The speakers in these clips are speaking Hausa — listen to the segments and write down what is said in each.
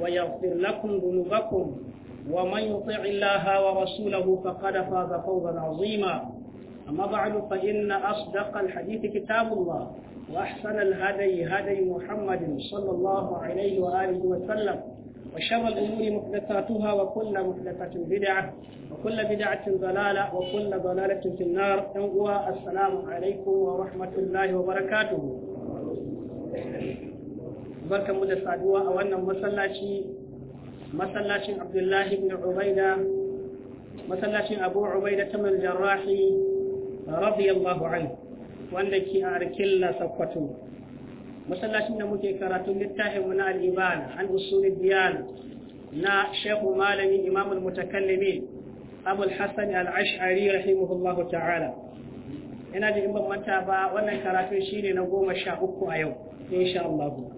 ويغفر لكم ذنوبكم ومن يطع الله ورسوله فقد فاز فوزا عظيما أما بعد فإن أصدق الحديث كتاب الله وأحسن الهدي هدي محمد صلى الله عليه وآله وسلم وشر الأمور محدثاتها وكل محدثة بدعة وكل بدعة ضلالة وكل ضلالة في النار السلام عليكم ورحمة الله وبركاته mu da saduwa a wannan masallaci masallacin Abdullahi ibn Ubaida masallacin Abu Ubaida ta mal jarrahi radiyallahu anhu wanda ke a Arkilla Sokoto masallacin da muke karatun littafin mu na al-Iban an usul biyan na Shehu Malami Imam al-Mutakallimin Abu al-Hasan al-Ash'ari rahimahullahu ta'ala ina jin ban manta ba wannan karatu shine na goma sha uku a yau insha Allah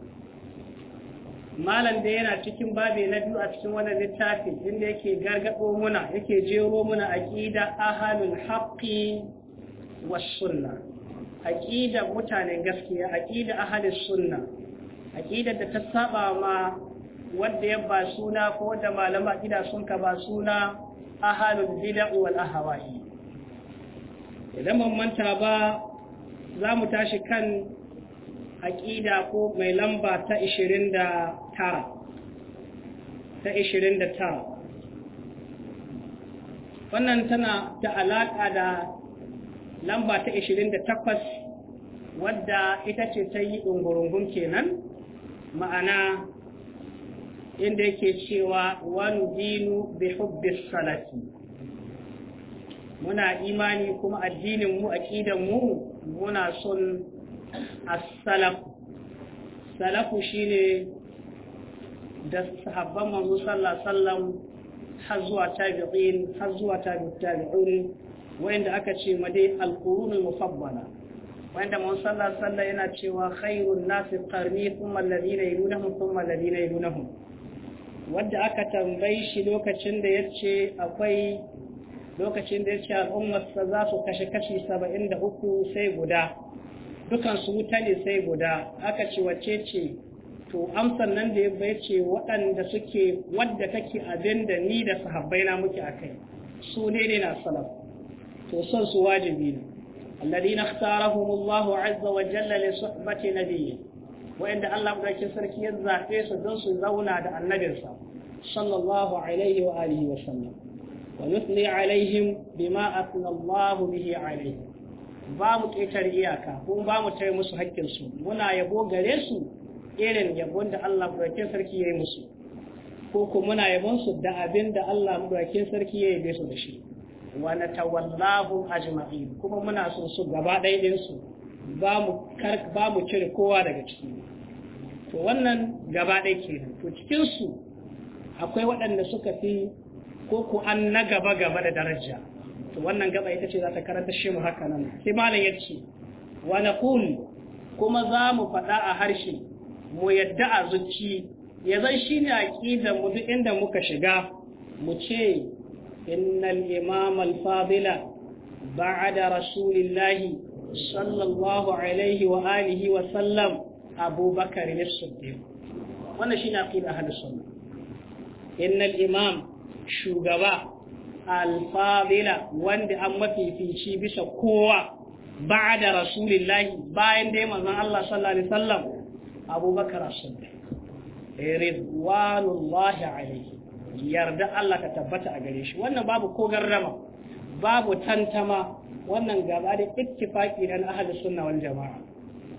malam da yana cikin babi na biyu a cikin wannan littafi inda yake gargaɗo muna yake jero muna aqida ahalul haqqi was sunna aqida mutanen gaskiya aqida ahalus sunna aqida da ta saba ma wanda ya ba suna ko da malama aqida sun ka ba suna ahalul bid'a wal ahwa'i idan mun manta ba za mu tashi kan aƙida ko mai lamba ta 29 ta 29 wannan tana ta alaƙa da lamba ta 28 wadda ita ce ta yi ɗungurungun kenan ma'ana inda yake cewa wani dinu bi hubbis salati muna imani kuma addininmu aƙidanmu muna son as-salaf salafu shine da sahabban manzo sallallahu alaihi wasallam har zuwa tabi'in har zuwa tabi'in wanda aka ce ma dai al-qurunul mufaddala wanda manzo sallallahu alaihi wasallam yana cewa khairun nasi qarni thumma alladhina yalunhum thumma alladhina yalunhum wanda aka tambaye shi lokacin da yace akwai lokacin da yace al'ummar sa za su kashe kashi 73 sai guda dukan su wuta ne sai guda aka ce wace ce to amsan nan da ya bai ce waɗanda suke wadda take abin da ni da sahabbai na muke kai. su ne ne na salaf to son su wajibi ne alladhina ikhtarahum Allahu azza wa jalla li suhbati nabiyyi wa'inda Allah madaukakin sarki ya zaɓe su don su zauna da annabinsa sallallahu alaihi wa alihi wa sallam wa yuthni alaihim bima athna Allahu bihi alaihim ba mu ƙetare iyaka kuma ba mu tare musu haƙƙinsu muna yabo gare su irin yabon da Allah mudaukin sarki ya yi musu ko kuma muna yabon su da abin da Allah mudaukin sarki ya yi su da shi wa natawallahu ajma'in kuma muna son su gaba ɗaya su ba mu ba mu cire kowa daga ciki to wannan gaba ɗaya kenan to cikin su akwai waɗanda suka fi ko ku an na gaba gaba da daraja to wannan gaba ita ce za ta karanta shi mu haka nan sai malam ya ce wa naqulu kuma za mu faɗa a harshe mu yadda a zuci ya zan shi ne aƙidar mu duk inda muka shiga mu ce innal imam al-fadila ba'da Rasulillah, sallallahu alaihi wa alihi wa sallam abubakar as-siddiq wannan shine aqidar ahlus sunna innal imam shugaba alfadila wanda an mafifici bisa kowa ba da rasulillahi bayan da dai manzon Allah sallallahu alaihi wasallam abubakar as-siddiq ridwanullahi alaihi yarda Allah ka tabbata a gare shi wannan babu ko garrama babu tantama wannan gaba da ittifaki dan ahlus sunna wal jamaa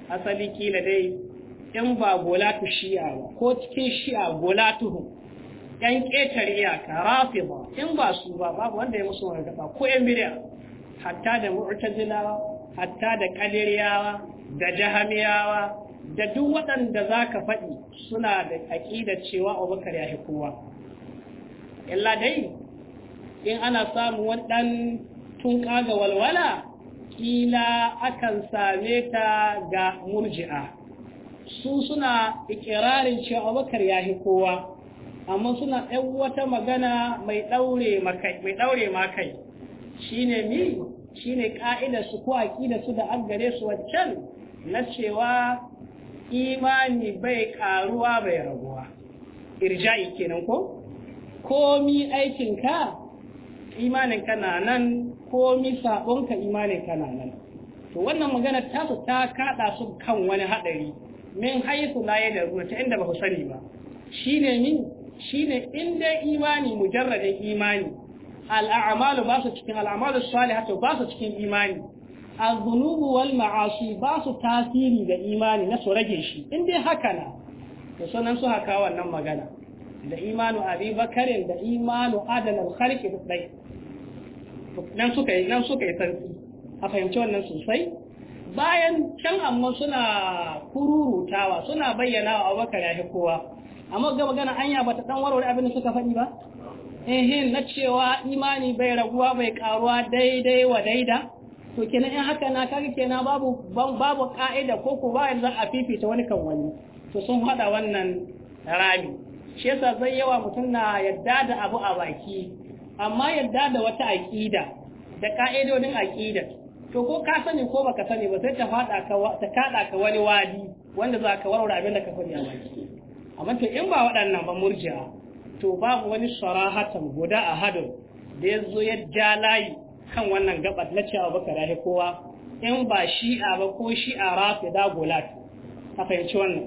asali kila dai in ba bolatu shi'a ko cikin shi'a bolatuhum yan ƙetar iyaka ba, in ba su ba babu wanda ya musu margaba ko yan miliya hatta da mu'tazilawa hatta da qadariyawa da jahamiyawa da duk waɗanda za ka faɗi suna da aƙida cewa abubakar ya fi kowa illa dai in ana samu waɗan tun ƙaga walwala ƙila akan same ta ga murji'a su suna ikirarin cewa abubakar ya fi kowa amma suna ɗan wata magana mai ɗaure makai mai ɗaure makai shine mi shine ka'ida su ko aqida su da an gare su waccan na cewa imani bai karuwa bai raguwa irja'i kenan ko komi aikinka imanin na nan komi saɓonka, imanin na nan to wannan magana ta su ta kada su kan wani hadari min haythu la yadru ta inda ba ku sani ba shine min shine in dai imani mujarradin imani al'amalu ba su cikin al'amalu salihatu ba su cikin imani az-zunubu wal ma'asi ba su tasiri ga imani na su rage shi in dai haka na to sanan su haka wannan magana da imanu abi bakarin da imanu adana al-khalqi dai nan suka yi nan suka yi sarki a fahimci wannan sosai bayan can amma suna kururutawa suna bayyana wa abubakar ya kowa amma ga magana anya bata dan warware abin da suka faɗi ba eh na cewa imani bai raguwa bai karuwa daidai wa daida to kenan in haka na kage kenan babu babu ka'ida ko ko ba za a fifita wani kan wani to sun hada wannan rabi shi yasa zai yawa mutum na yadda da abu a baki amma yadda da wata aqida da ka'idodin aqida to ko ka sani ko baka sani ba sai ta fada ka ta kada ka wani wadi wanda za ka warware abin da ka faɗi a baki amma to in ba waɗannan ba murji'a to babu wani sharahatan guda a hadin da ya zo ya ja layi kan wannan gabar na cewa baka rahe kowa in ba shi'a ba ko shi'a rafi da gulat ta, fahimci wannan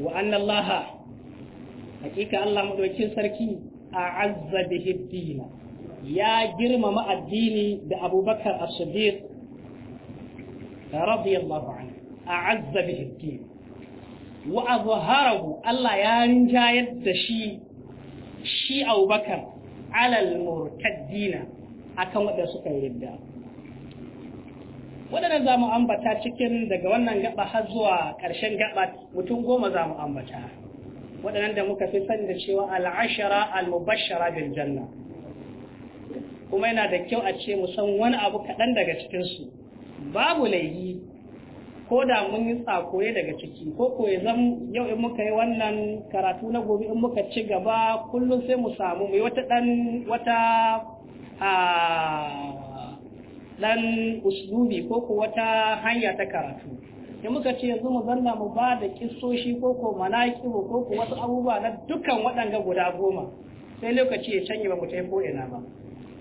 wa annallaha hakika Allah madaukin sarki a azza bihi dina ya girmama addini da abubakar as-siddiq radiyallahu anhu a azza bihi dina wa azharahu Allah ya rinjayar da shi shi Abubakar alal murtaddina akan wanda suka yarda ridda zamu ambata cikin daga wannan gaba har zuwa ƙarshen gaba mutum goma zamu ambata waɗannan da muka fi sani da cewa al'ashara al mubashshara bil janna kuma yana da kyau a ce mu san wani abu kaɗan daga cikin su babu laifi ko da mun yi tsakoye daga ciki ko zan yau in muka yi wannan karatu na gobe in muka ci gaba kullum sai mu samu mai wata dan wata a dan uslubi ko ko wata hanya ta karatu in muka ce yanzu mu zanna mu ba da kissoshi ko ko manaqibu ko ko wasu abubuwa na dukkan waɗanga guda goma sai lokaci ya canye ba mu tafi ko ina ba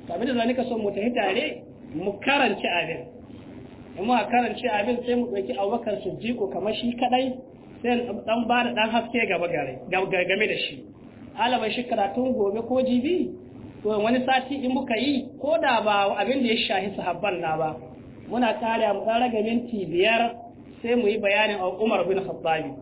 kamar da zanika son mu tafi tare mu karanci abin kuma a karance abin sai mu ɗauki abubakar jiko kamar shi kadai sai dan ba da dan haske gaba gare game da shi alama shi karatun gobe ko jibi wani sati in muka yi ko da ba abin da ya shahi sahabban na ba muna kare mu ɗan raga minti biyar sai mu yi bayanin a Umar bin Khattabi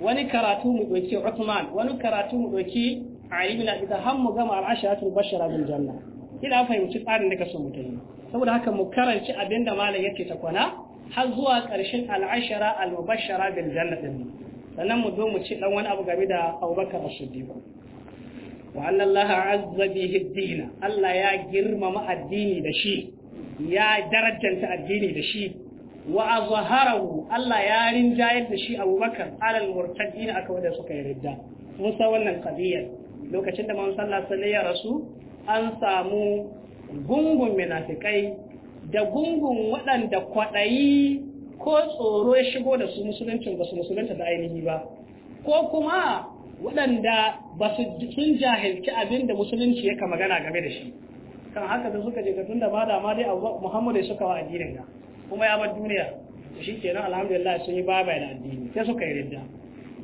wani karatu mu ɗauki Uthman wani karatu mu ɗauki Ali bin Abi har mu gama al-asharatul bashara bil janna kila fahimci tsarin da kaso mutane saboda haka mu karanci abinda malam yake ta kwana har zuwa ƙarshen al'ashara al-mubashshara bil janna din sannan mu zo mu ci dan wani abu game da Abubakar As-Siddiq wa anna Allah azza bihi ad-din Allah ya girmama addini da shi ya darajanta addini da shi wa azharahu Allah ya rinjayar da shi Abubakar alal murtadin aka wanda suka yarda musa wannan qadiyar lokacin da manzon sallallahu alaihi ya rasu an samu gungun munafikai da gungun waɗanda kwaɗayi ko tsoro ya shigo da su musuluncin ba su musulunta da ainihi ba ko kuma waɗanda ba su sun jahilci abin da musulunci ya ka magana game da shi kan haka da suka je ga tun da ba da ma dai abu muhammadu suka wa addinin ga kuma ya bar duniya da shi kenan alhamdulillah sun yi baba da addini sai suka yi ridda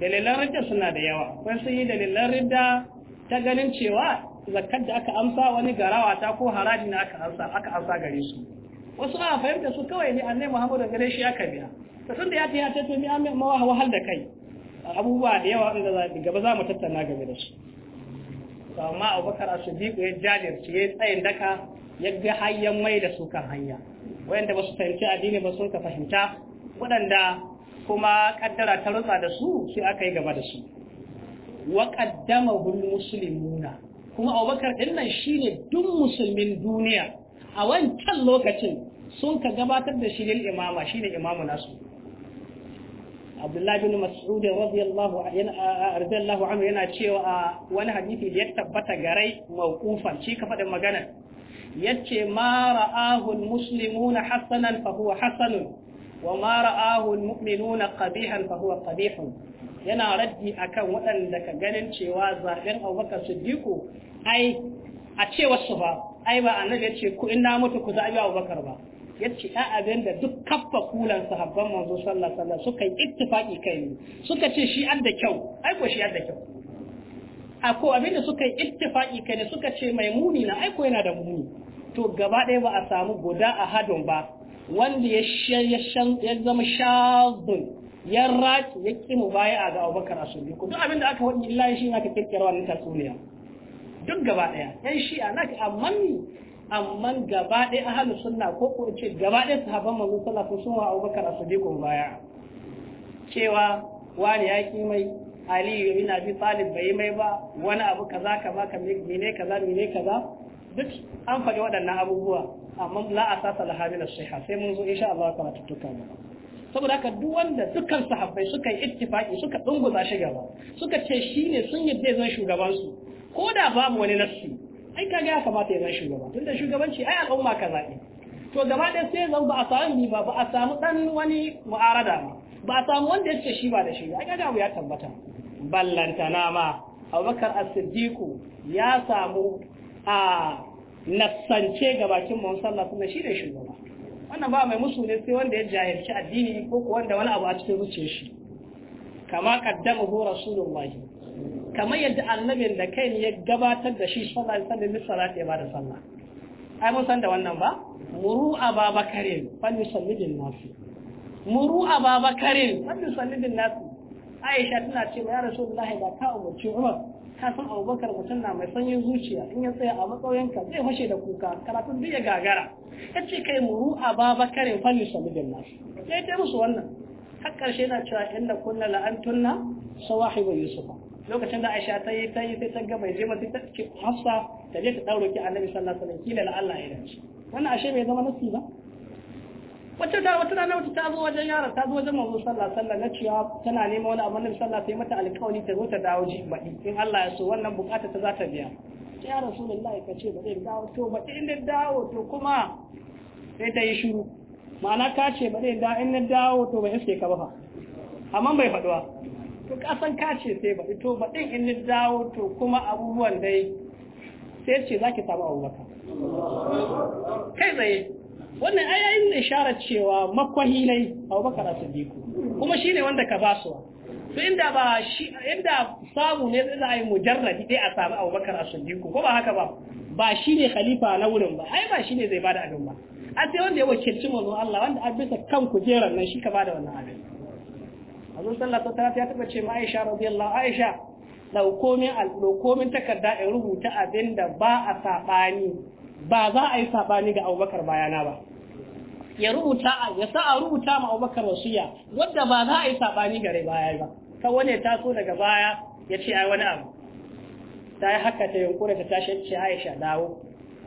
dalilan ridda suna da yawa kwan sun yi dalilan ridda ta ganin cewa zakkar da aka amsa wani garawata ko haraji na aka amsa aka amsa gare su wasu a fahimta su kawai ne annai muhammadu gare shi aka biya to sanda ya tiya ta to mi amma wahal da kai abubuwa da yawa ga gaba za mu tattauna game da su amma abubakar as-siddiq ya jajirce ya tsayin daka ya ga hayyan mai da su kan hanya wayanda ba su fahimci addini ba sun ka fahimta waɗanda kuma kaddara ta rutsa da su sai aka yi gaba da su wa qaddama bil muslimuna kuma abubakar ɗin nan shine duk musulmin duniya a wancan lokacin sun ka gabatar da shi imama shine imamu nasu Abdullahi bin Mas'ud radiyallahu radiyallahu anhu yana cewa a wani hadisi da ya tabbata garai mawqufan shi ka faɗin magana yace ma ra'ahu al-muslimuna hasanan fa huwa hasanun wa ma ra'ahu al qabihan fa huwa qabihun yana raddi akan waɗanda ka ganin cewa zaɓen abubakar siddiqu ai a cewar su ba ai ba annabi ya ce ku in na mutu ku zaɓi abubakar ba ya ce ɗan abin da duk kafa kulan sahabban manzo sallallahu alaihi suka yi ittifaki kai ne suka ce shi an da kyau ai ko shi an da kyau a ko abin da suka yi ittifaki kai ne suka ce mai muni na ai ko yana da muni to gaba ɗaya ba a samu guda a hadon ba wanda ya zama shazun Yan raki ya ki mu baya ga Abubakar Asubbi ko duk abin da aka wani illahi shi naka kirkira wannan tasuniya duk gaba yan shi'a naka amma amma gaba daya ahlus sunna ko ko ce gaba daya sahabban manzo sallallahu alaihi sun wa Abubakar Asubbi baya cewa wani ya ki mai Ali bin Abi Talib bai mai ba wani abu kaza kaza mene kaza mene kaza duk an faɗi waɗannan abubuwa amma la a sasa lahabin sai mun zo insha Allah kamar tuttuka ba. saboda haka duk wanda dukkan sahabbai suka yi ittifaki suka dunguza shi gaba suka ce shine sun yadda zan shugaban su ko da babu wani nassi ai kaga ya kamata ya zan shugaba tunda shugabanci ai al'umma ka zaɓi to gaba ɗaya sai zan ba a samu ba ba a samu dan wani mu'arada ba ba a samu wanda ya ce shi ba da shi ai kaga ya tabbata na ma abubakar as-siddiq ya samu a nassance ga bakin mun sallah kuma shi ne shugaba wannan ba mai musu ne sai wanda ya jayarci addini ko ko wanda wani abu a cikin zuciyar shi kama qaddama hu rasulullahi kamar yadda annabin da kai ne ya gabatar da shi sallallahu alaihi wasallam misala ya bada sallah ai mun san da wannan ba muru ababakarin fal yusallidin nasu muru ababakarin fal yusallidin nasu aisha tana cewa ya rasulullahi ba ka umurci umar ka san abubakar mutum na mai sanyin zuciya in ya tsaya a matsayinka zai fashe da kuka karatun duk ya gagara ya ce kai muru a babakarin sami samidin nasu ya yi musu wannan har ƙarshe na cewa inda kunna la'antunna sawahibu yusufa lokacin da aisha ta yi ta yi sai ta ga bai je mata ta ce hafsa ta je ta ɗauro ki annabi sallallahu alaihi wasallam kila la'alla ya dace wannan ashe bai zama nasi ba wata da wata rana wata ta zo wajen yara ta zo wajen manzo sallah sallah na cewa tana neman wani abu annabi sallah sai mata alƙawari ta zo ta dawo ji baɗi in Allah ya so wannan bukata ta za ta biya ya rasulullahi ka ce ba zai dawo to ba in da dawo to kuma sai ta yi shiru ma'ana ka ce ba zai dawo in na dawo to ba iske ka ba fa amma bai faduwa to kasan ka ce sai ba to ba din in na dawo to kuma abubuwan dai sai ce zaki samu abubakar kai tsaye wannan ayayin yayin da isharar cewa makwahi ne Abubakar As-Siddiq kuma shine wanda ka basuwa su inda ba shi inda samu ne za a yi mujarradi dai a samu Abubakar As-Siddiq ko ba haka ba ba shine khalifa na wurin ba ai ba shine zai bada abin ba a sai wanda ya wakilci manzo Allah wanda a bisa kan kujerar nan shi ka bada wannan abin Azun sallallahu alaihi ya taba ce ma Aisha radiyallahu Aisha dauko min dauko min takarda in rubuta abinda ba a sabani ba za a yi sabani ga Abubakar bayana ba ya rubuta ya sa a rubuta ma Abubakar wasiya wanda ba za a yi sabani gare baya ba kawai ne so daga baya ya ce ai wani abu ta yi haka ta yankura ta tashi ce Aisha dawo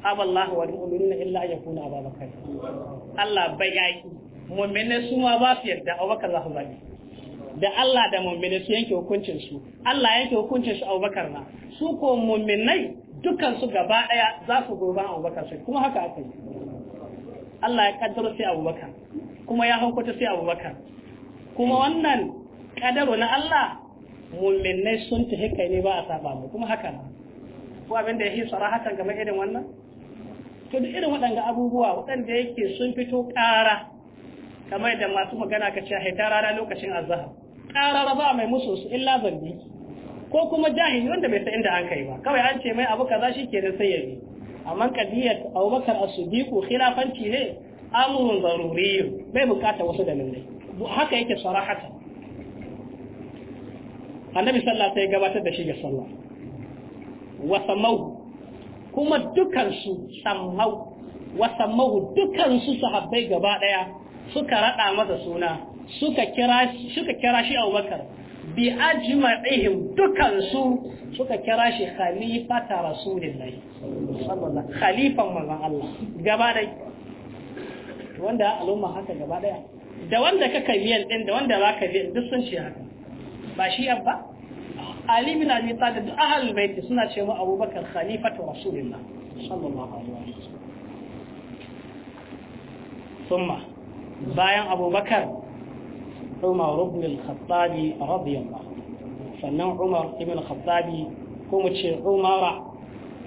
aballah wa mu'minuna illa yakuna Abubakar Allah bai yaki mu'minai su ma ba su yarda Abubakar za su zabi da Allah da mu'minai su yanke hukuncin su Allah yanke hukuncin su Abubakar na su ko mu'minai dukkan su gaba daya za su gurban Abubakar su kuma haka aka yi Allah ya kaddara sai abubakar kuma ya haukata sai abubakar kuma wannan kadaro na Allah mulminai sun ta haka ne ba a saba mu kuma haka na ko abin da ya yi hakan game irin wannan to da irin waɗanga abubuwa waɗanda yake sun fito ƙara kamar da masu magana ka cewa haita rana lokacin azahar ƙara ba mai musu su illa zambi ko kuma jahili wanda bai san inda an kai ba kawai an ce mai abu kaza shi kenan sai ya yi amma kadiyar abubakar as-siddiqu khilafanci ne amrun zaruri bai bukata wasu dalilai haka yake sarahata annabi sallah sai gabatar da shi ga sallah wa samau kuma dukansu samau wa samau dukansu sahabbai gaba daya suka rada masa suna suka kira suka kira shi Abubakar bi ajma'ihim dukan su suka kira shi khalifata rasulillahi sallallahu khalifan manzon Allah gaba dai wanda al'umma haka gaba daya da wanda ka kaliyan din da wanda ba kaliyan duk sun ce haka ba shi abba Ali bin Abi Talib da ahlul bait suna ce mu Abubakar ta rasulillah sallallahu alaihi wasallam thumma bayan Abubakar Umar ibn al-Khattabi sannan Umar ibn al ko mu ce Umara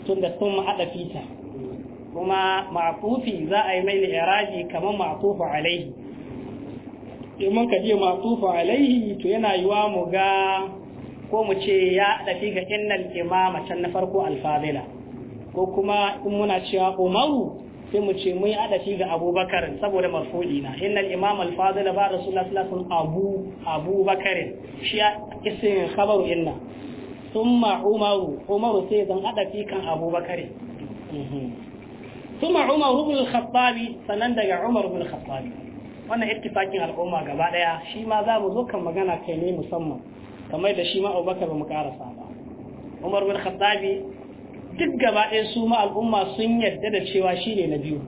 tunda sun ma'ada fita kuma ma'tufi za a yi mai li'iraji kamar ma'tufu alaihi in mun kaje alaihi to yana yiwa mu ga ko mu ce ya dafi ga innal imama can na farko Alfadila? ko kuma in muna cewa Umaru sai mu ce mun ada shi ga abubakar saboda marfu'i na innal imam al-fadil ba rasulullah sallallahu alaihi wasallam abu abubakar shi isin khabaru inna thumma umaru umaru sai zan hada fi kan abubakar mhm. thumma umaru ibn al-khattab sanan daga umar ibn al-khattab wannan al al'umma gaba daya shi ma za mu zo kan magana kai ne musamman kamar da shi ma abubakar ba mu karasa ba umar al-khattab duk gaba ɗaya su ma al'umma sun yarda da cewa shi ne na biyu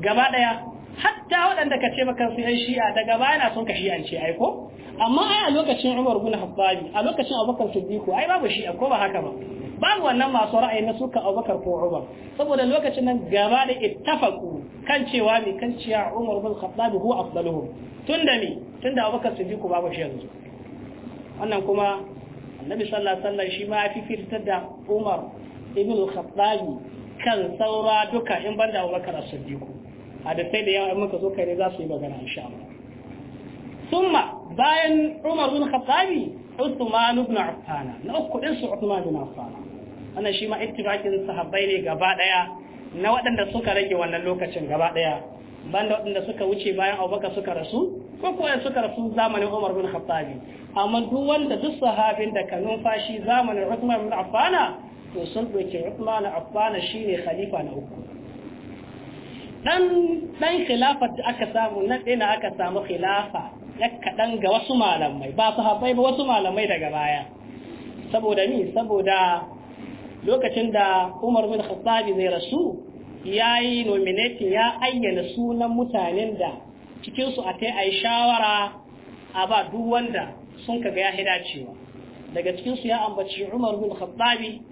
gaba ɗaya hatta waɗanda ka ce maka yan shi'a daga baya na son ka shi'ance ai ko amma ai a lokacin Umar bin Khattabi a lokacin Abubakar Siddiq ai babu shi'a ko ba haka ba babu wannan masu ra'ayi na suka abubakar ko umar saboda lokacin nan gaba da ittafaku kan cewa mai kan cewa umar bin khattab huwa afdaluhum tunda me tunda abubakar siddiq babu shi yanzu wannan kuma annabi sallallahu alaihi wasallam shi ma ya fifita da umar ibn al-khattabi kan saura duka in banda abubakar as-siddiq hadisai da yawa in muka zo kai ne za su yi magana insha Allah thumma bayan umar bin khattabi Uthman ibn Affan na uku din su Uthman ibn Affan wannan shi ma ittibakin sahabbai ne gaba daya na waɗanda suka rage wannan lokacin gaba daya banda waɗanda suka wuce bayan Abubakar suka rasu ko kuwa suka rasu zamanin Umar bin Khattabi amma duk wanda duk sahabin da ka numfashi zamanin Uthman bin Affan to sun ɗauki Uthman Affan shine khalifa na uku dan dan khilafar da aka samu na ɗaya aka samu khilafa ya kadan ga wasu malamai ba su haɓai ba wasu malamai daga baya saboda ni saboda lokacin da Umar bin Khattab zai rasu yayi yi nominating ya ayyana sunan mutanen da cikinsu a ta yi shawara a ba duk wanda sun kaga ya hidacewa daga cikinsu ya ambaci Umar bin Khattabi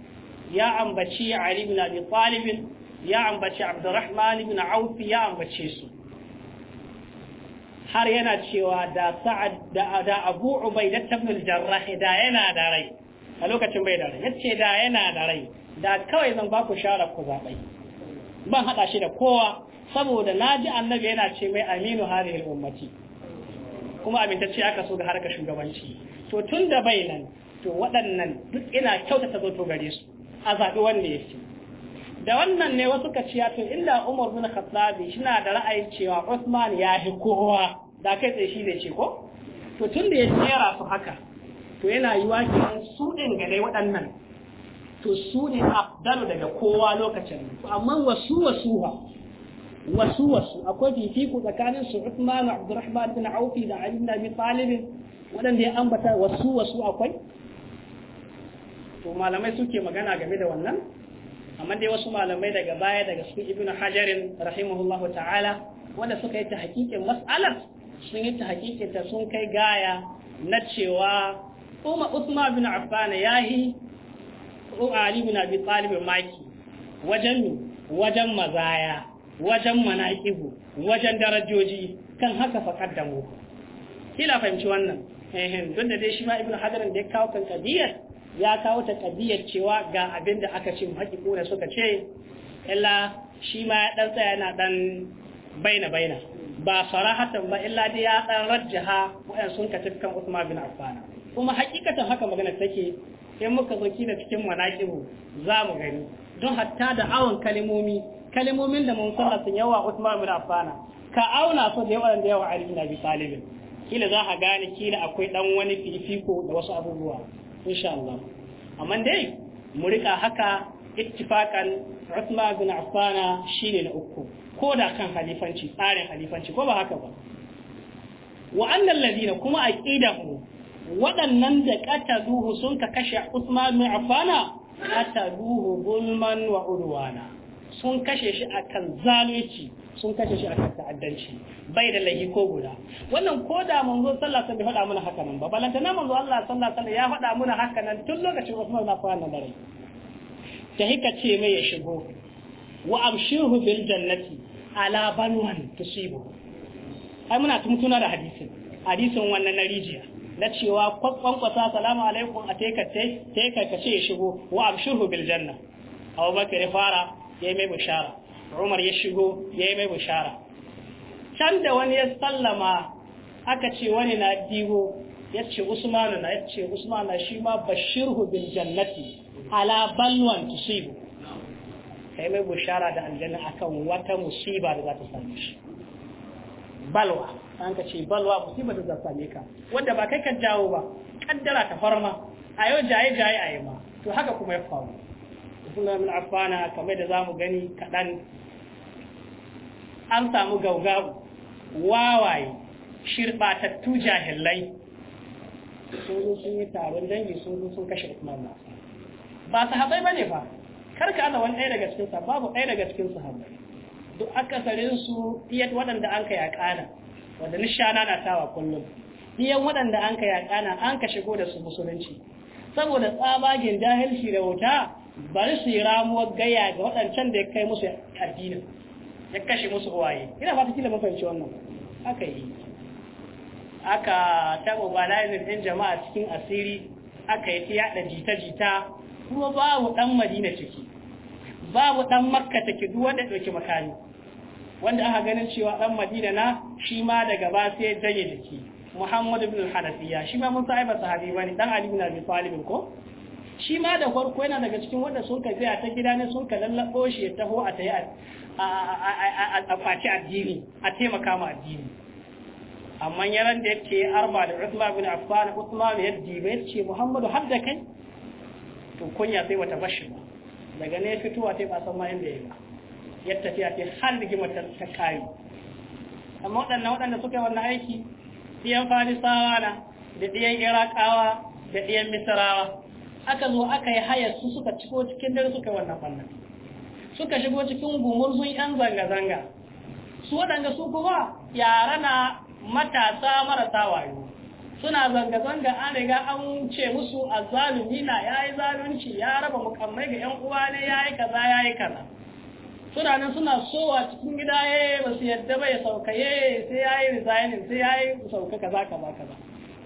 ya ambaci Ali ibn Abi Talib ya ambaci Abdurrahman ibn Auf ya ambace su har yana cewa da Sa'ad da da Abu Ubaidah ibn jarrah da yana da rai a lokacin bai da rai yace da yana da rai da kawai zan ba ku shara ku zabai ban hada shi da kowa saboda naji annabi yana ce mai aminu hari ummati kuma amintacce aka so ga harkar shugabanci to tun da bai nan to waɗannan duk ina kyautata zato gare su a zaɓi wanda ya ce, da wannan ne wasu ka ciya to inda umar bin khattabi shina da ra'ayin cewa usman ya fi kowa da kai tsaye shi ne ce ko to tun da ya jera su haka to yana yiwa kenan su ɗin ga dai waɗannan to su ne afdalu daga kowa lokacin amma wasu wasu ha wasu wasu akwai fifiko tsakanin su Uthman Abdurrahman bin Auf da Ali bin Abi Talib waɗanda ya ambata wasu wasu akwai to malamai suke magana game da wannan amma dai wasu malamai daga baya daga su ibn hajarin rahimahullahu ta'ala wanda suka yi ta hakikin mas'alar sun yi ta hakikin ta sun kai gaya na cewa Umar Uthman bin Affan yahi Ali bin Abi Talib maki wajen mu, wajen mazaya wajen manaqibu wajen darajoji kan haka fa kaddamu kila fahimci wannan eh don da dai shi ma Ibn Hajar da ya kawo kan kadiyar ya kawo ta cewa ga abin da aka ce muhaƙiƙu da suka ce illa shi ma ya ɗan tsaya yana ɗan baina baina ba sarahatan ba illa dai ya ɗan rajjaha waɗanda sun ka kan Usman bin Affan kuma hakikatan haka magana take in muka zo kina cikin manaqibu za mu gani don hatta da awon kalimomi kalimomin da mun sanar sun yawa Usman bin Affan ka auna su da yawan da yawa Ali bin Abi Talib kila za ka gane kila akwai ɗan wani fifiko da wasu abubuwa insha Allah amma dai mu rika haka ittifakan Uthman bin Affan shine na uku ko da kan halifanci tsarin halifanci ko ba haka ba wa annal ladina kuma aqidahu waɗannan da qataluhu sun ka kashe Uthman bin Affan qataluhu gulman wa urwana sun kashe shi akan zalunci sun kashe shi akan ta'addanci bai da lahi ko guda wannan ko da manzo sallallahu alaihi wasallam bai faɗa mana haka nan ba balantana manzo Allah sallallahu alaihi wasallam ya faɗa mana haka nan tun lokacin Usman na fara nan dare ta hika ce mai ya shigo wa amshihu bil jannati ala banwan tusibu ai muna tuntuna da hadisin hadisin wannan na rijiya na cewa kwankwasa salamu alaikum a taikace taikace ya shigo wa amshihu bil janna Abubakar ya fara ya yi mai bishara Umar ya shigo ya yi mai bishara. can da wani ya sallama aka ce wani na digo ya ce Usmanu na ya ce Usmanu shi ma bashirhu bin jannati ala balwan tusibu yi mai bishara da aljanna akan wata musiba da za ta same shi balwa an ka ce balwa musiba da za ta same ka wanda ba kai ka jawo ba kaddara ta farma a yau jaye jaye a yi ma to haka kuma ya faru Usman bin kamar da zamu gani kaɗan an samu gaugabu wawaye shirɓatattu jahillai sun zo sun yi taron dangi sun zo sun kashe Usman na ba sahabbai bane ba karka ana wani ɗaya daga cikin sa babu ɗaya daga cikin sahabbai duk akasarin su iya waɗanda an ka yaƙana wanda nishana na tawa kullum iya waɗanda an ka yaƙana an ka shigo da su musulunci saboda tsabagen jahilci da wuta bari su yi ramuwar gaya ga waɗancan da ya kai musu addinin ya kashe musu hawaye ina fata kila mafanci wannan aka yi aka taɓa bala'in ɗin jama'a cikin asiri aka yi yaɗa jita-jita kuma babu ɗan madina ciki babu ɗan makka take duk wanda ɗauki makami wanda aka ganin cewa ɗan madina na shi ma daga ba sai ya janye jiki muhammadu bin hanafiya shi ma mun sa'iba sahabi ba ne ɗan ali bin abi talibin ko shi ma da farko yana daga cikin wanda sun ka tsaya ta gida ne sun ka lallaɓo shi ya taho a tayi a kwaci addini a taimaka ma addini amma yaran da yake arba da Uthman bin Affan Uthman ya dibe yace Muhammadu har da kai to kunya sai wata bashi ba daga ne fitowa sai ba san ma inda yake ba ya tafi ake har rigima ta ta amma waɗannan waɗanda suka yi wannan aiki diyan Farisawa na da diyan Iraqawa da diyan Misrawa aka zo aka yi hayar su suka ciko cikin dare suka wannan fannin suka shigo cikin gumurzun 'yan zanga-zanga su waɗanda su kuma yara na matasa marasa wayo suna zanga-zanga an riga an ce musu a zalumi na ya yi zalunci ya raba mukammai ga 'yan uwa ne ya yi kaza ya kaza suna nan suna sowa cikin gida ya eh, ba su yadda ba ya saukaye eh, sai ya yi resigning sai ya yi sauka kaza kaza kaza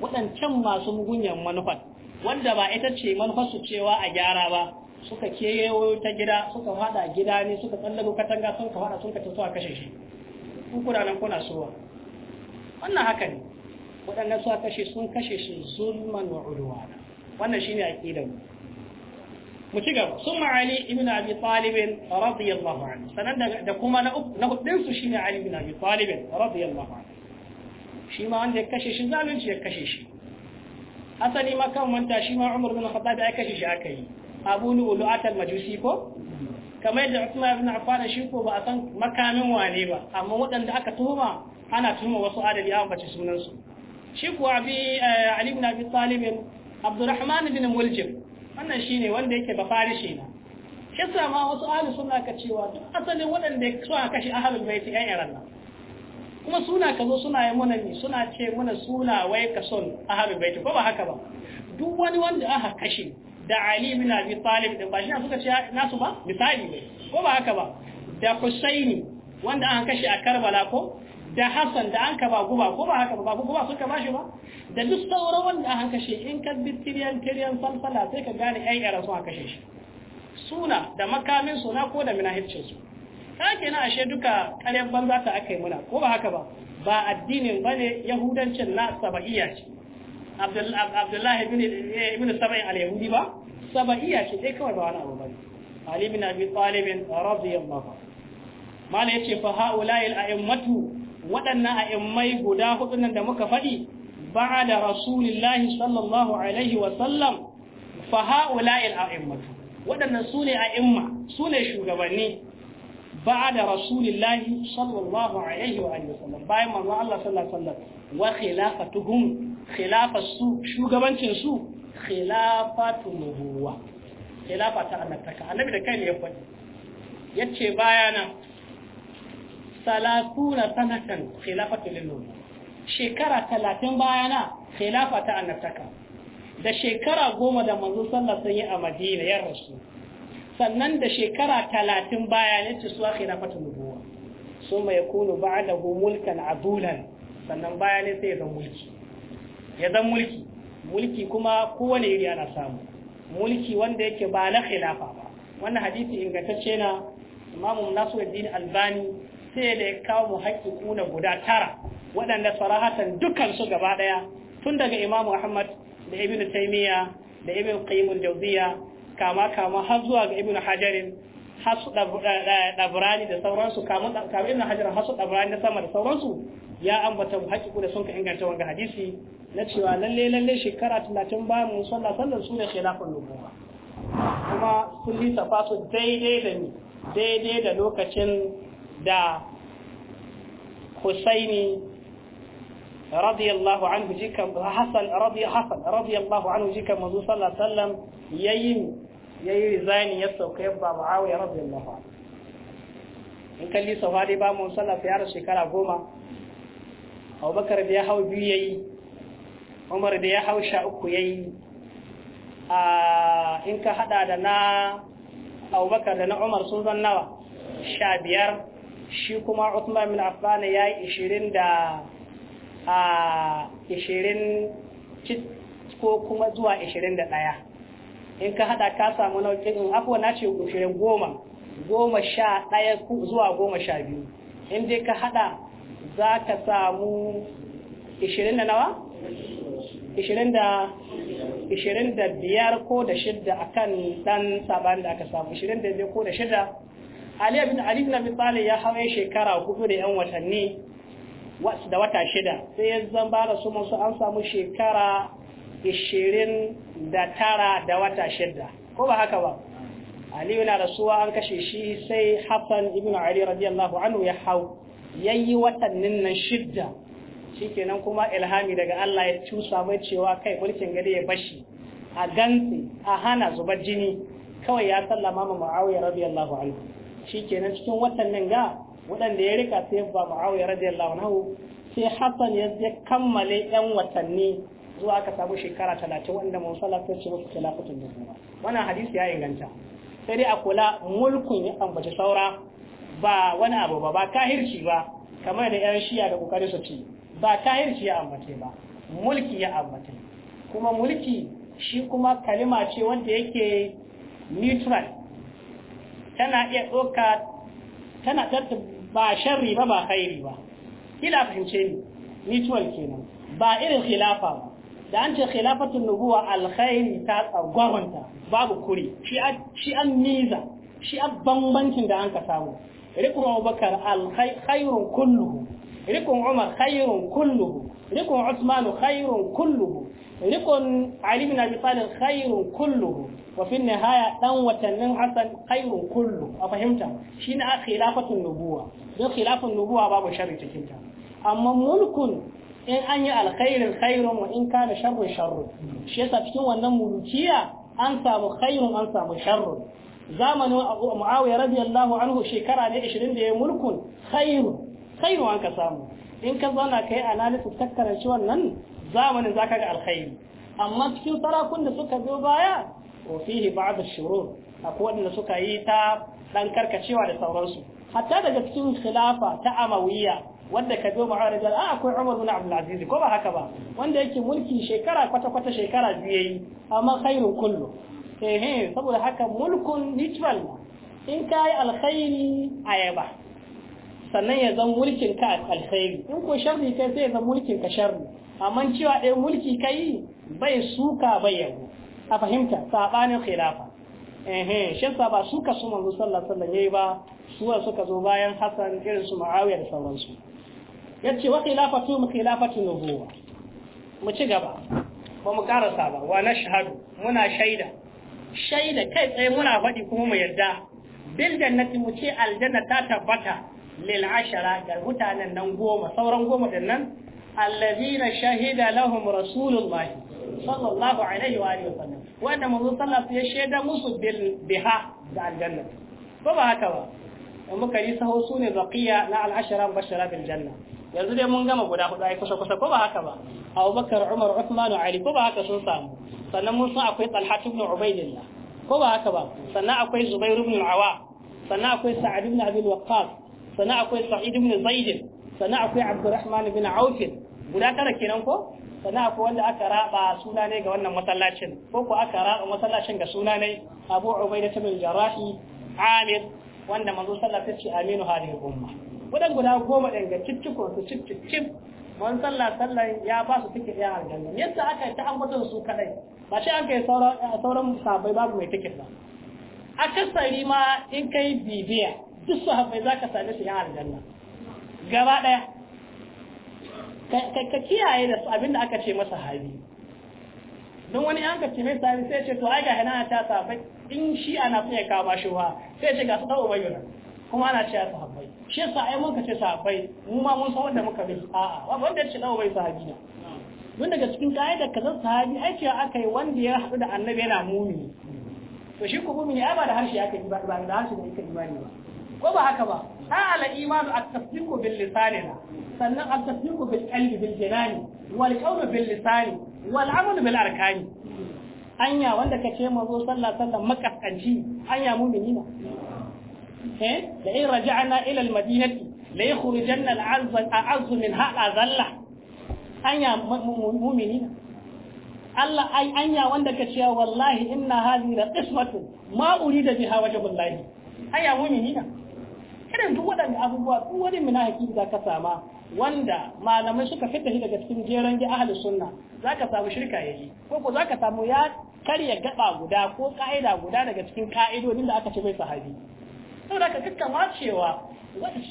waɗancan masu mugunyan manufar wanda ba ita ce manufarsu cewa a gyara ba suka kewayo ta gida suka fada gida ne suka tsallabo katanga suka ka fada sun ka tafi a kashe shi kun kuna nan kuna sowa wannan haka ne waɗannan su kashe sun kashe shi zulman wa udwana wannan shine aqidar mu mu ci gaba sun ali ibn abi talib radiyallahu anhu sanan da kuma na uku na hudin su shine ali ibn abi talib radiyallahu anhu shi ma wanda ya kashe shi zalunci ya kashe shi asali ma kan wanta shi ma umar bin khattab ya kashe shi aka yi abu lu'lu'atal majusi ko kamar yadda Usman ibn Affan shi ko ba a san makamin wane ba amma waɗanda aka tuhuma ana tuhuma wasu adali an bace sunan su shi ko abi eh, Ali ibn Abi Talib Abdurrahman ibn Muljim wannan shine wanda yake ba farishi na kisa ma wasu ahli sunna ka cewa duk asalin waɗanda suka kashe ahlul baiti ƴan iran nan kuma suna ka zo suna yi mana ni suna ce mana suna wai ka son ahlul baiti ko ba haka ba duk wani wanda aka kashe da Ali bin Abi Talib din ba shi suka ce nasu ba misali ne ko ba haka ba da Husaini wanda an kashe a Karbala ko da Hassan da an kaba guba ko ba haka ba guba suka bashi ba da duk sauran wanda an kashe in ka bi tiriyan tiriyan falfala sai ka gane ai yara sun kashe shi suna da makamin suna ko da minahicin su ta na ashe duka ƙaryar banza ta aka yi muna ko ba haka ba ba addinin bane yahudancin na saba'iyya ce abdullahi ibn eh, saba'in al-yahudi ba saba'iya shi dai kawai ba wani abu ba ali bin abi talib radiyallahu mala yace fa haula'i al-a'immatu waɗannan a'immai guda hudu nan da muka faɗi ba'da rasulillahi sallallahu alaihi wa sallam fa haula'i al-a'immatu wadanna sune a'imma sune shugabanni بعد sallallahu alaihi wa الله عليه وآله وسلم باي من الله صلى الله عليه وسلم وخلافتهم khilafa su shugabancin khilafatu nubuwa khilafa ta annabtaka annabi da kai ne ya faɗi ya ce, yace na salatuna sanatan khilafatu lin-nubuwa shekara talatin baya na khilafa ta annabtaka da shekara goma da manzo sallar sun yi a madina ya rasu sannan da shekara talatin baya ya ce suwa khilafatu nubuwa sun mai kunu ba'dahu mulkan adulan sannan baya ne sai ya zama mulki ya zan mulki mulki kuma kowane iri ana samu mulki wanda yake ba na khilafa ba wannan hadisi ingantacce na imamu nasiruddin albani sai da ya kawo mu kuna guda tara waɗanda sarahatan dukkan su gaba ɗaya tun daga imam ahmad da ibnu taymiya da ibnu qayyim al kama kama har zuwa ga ibnu hajarin hasu dabrani da sauransu kamun na hajar hasu dabrani da sama da sauransu ya ambata haƙiƙu da sunka ka inganta wanga hadisi na cewa lalle lalle shekara 30 ba mu sallah sallan su ne khilafun nubuwa kuma sun lissafa su daidai da ni daidai da lokacin da Husaini radiyallahu anhu jikan Hassan radiyallahu anhu jikan mazu sallallahu alaihi wasallam yayin yayi rizani ya sauka ya ba Muawiya radiyallahu anhu in kalli dai ba mu sallah ta yara shekara goma Abubakar da ya hau biyu ya yi Umar da ya hau sha uku yi a in ka hada da na Abubakar da na Umar sun zan nawa sha biyar shi kuma Uthman bin Affan ya yi ishirin da a ishirin ko kuma zuwa ishirin da ɗaya in ka hada ka samu nau'in afuwa na ce kushe goma goma sha ɗaya zuwa goma sha biyu in dai ka hada za ka samu ishirin da nawa ishirin da ishirin da biyar ko da shidda akan dan saɓani da aka samu ishirin da biyar ko da shidda Ali bin Ali bin Abi Talib ya shekara hudu da yan watanni da wata shida sai ya zan ba da su an samu shekara ishirin da tara da wata shidda ko ba haka ba aliyu na rasuwa an kashe shi sai Hassan ibn ali radiyallahu anhu ya hau yayi watannin nan shidda shikenan kuma ilhami daga Allah ya cusa mai cewa kai mulkin gari ya bashi a gantsi a hana zubar jini kawai ya sallama ma muawiya radiyallahu anhu shikenan cikin watannin ga waɗanda ya rika sai ba muawiya radiyallahu anhu sai Hassan ya kammale yan watanni zuwa aka samu shekara talatin wanda mun ta ce musu da kuma wannan hadisi ya inganta sai dai a kula mulkun ya ambaci saura ba wani abu ba ba kahirci ba kamar da yan shiya da kokarin su ce ba kahirci ya ambace ba mulki ya ambace kuma mulki shi kuma kalima ce wanda yake neutral tana iya ɗauka tana tattu ba sharri ba ba khairi ba kila fahimce ni neutral kenan ba irin khilafa ba da an ce khilafatun nubuwa alkhairi ta tsagwaranta babu kuri shi an niza shi a bambancin da an ka samu rikon abubakar alkhairun kulluhu rikon umar khairun kulluhu rikon Usman khairun kulluhu rikon ali bin abi talib khairun kulluhu wa fi nihaya dan watannin hasan khairun kullu a fahimta shine a khilafatun nubuwa don khilafatun nubuwa babu sharri cikin ta amma mulkun in an yi alkhairin khairun wa in kana sharrun sharrun shi yasa cikin wannan mulukiya an samu khairun an samu sharrun zamanin muawiya radiyallahu anhu shekara ne 20 da ya mulkun khairu khairu an ka samu in ka zauna kai analysis ta karanci wannan zamanin zaka ga alkhairi amma cikin sarakun da suka zo baya wa fihi ba'd ash-shurur akwai wanda suka yi ta dan karkacewa da sauransu hatta daga cikin khilafa ta amawiyya wanda ka zo ma'arija a ah, akwai Umar bin Abdul Aziz ko ba haka ba wanda yake mulki shekara kwata kwata shekara biye yayi amma khairun kullu eh eh saboda haka mulkun nitwal in kai alkhairi ayaba sannan ya zan mulkin ka alkhairi in ko sharri kai sai ya zan mulkin ka sharri amma cewa ɗaya mulki kai bai suka bai yabo a fahimta sabanin khilafa eh eh ba suka su manzo sallallahu alaihi wasallam yayi ba suwa suka zo bayan Hassan irin su Muawiya da sauransu Ya ce wa khilafatu mu khilafatu nubuwa mu ci gaba ba mu karasa ba wa nashhadu muna shaida shaida kai tsaye muna faɗi kuma mu yarda bil jannati mu ce aljanna ta tabbata lil ashara ga mutanen nan goma sauran goma din nan allazina shahida lahum rasulullah sallallahu alaihi wa alihi wasallam wanda manzo sallallahu ya shaida musu bil biha da aljanna ko ba haka ba muka yi saho sune baqiya na al ashara mubashara bil janna yanzu dai mun gama guda hudu ai kusa kusa ko ba haka ba bakar Umar Uthman Ali ko ba haka sun samu sannan mun san akwai Talha ibn Ubaydillah ko ba haka ba sannan akwai Zubair ibn Awa sannan akwai Sa'ad ibn Abi Waqqas sannan akwai Sa'id ibn Zaid sannan akwai Abdurrahman ibn Auf guda tara kenan ko sannan akwai wanda aka raba suna ne ga wannan masallacin ko ko aka raba masallacin ga suna ne Abu Ubaidah ibn Jarrah Amir wanda manzo sallallahu alaihi wasallam ya ce aminu hadhihi umma wadan guda goma ɗin ga ciccikon su ciccicin wani sallah sallah ya ba su tiket ya harganu yadda aka yi ta ambaton su kadai ba shi an kai sauran sabai babu mai tiket ba kasari ma in kai bibiya duk su haɓai za ka same su ya harganu gaba ɗaya ka kiyaye da su abinda aka ce masa hali. don wani an ka ce mai sahabi sai ce to ai ga hana ta sabai in shi ana fiye ya kawo shi wa sai ce ga su ɗau kuma ana ce ya sahabai shi yasa ai mun kace sahabbai mu ma mun san wanda muka bi a'a wanda ya ce nawa bai sahabi na don daga cikin kaidar ka san sahabi ai ce aka yi wanda ya hadu da annabi yana mumini to shi ku mumini ai ba da harshe aka yi ba ba da harshe ne aka yi ba ko ba haka ba ala imanu at-tasdiqu bil lisani sannan at-tasdiqu bil qalbi bil jinani wal qawlu bil lisani wal amalu bil arkani anya wanda kace mazo sallallahu alaihi wasallam makaskanci anya mumini na da in raja'na ila al-madinati la yukhrijanna al-azza a'azzu min ha'a zalla anya mu'minina Allah ai anya wanda ka ce wallahi inna hadhihi la qismatu ma urida biha wajhullahi anya mu'minina irin duk waɗanda abubuwa duk wani munafiki za ka sama wanda malamai suka fita shi daga cikin jeran gi ahli sunna ka samu shirka ya yi? ko ko ka samu ya karya gaba guda ko ka'ida guda daga cikin ka'idodin da aka ce bai sahabi saboda ka kakkama cewa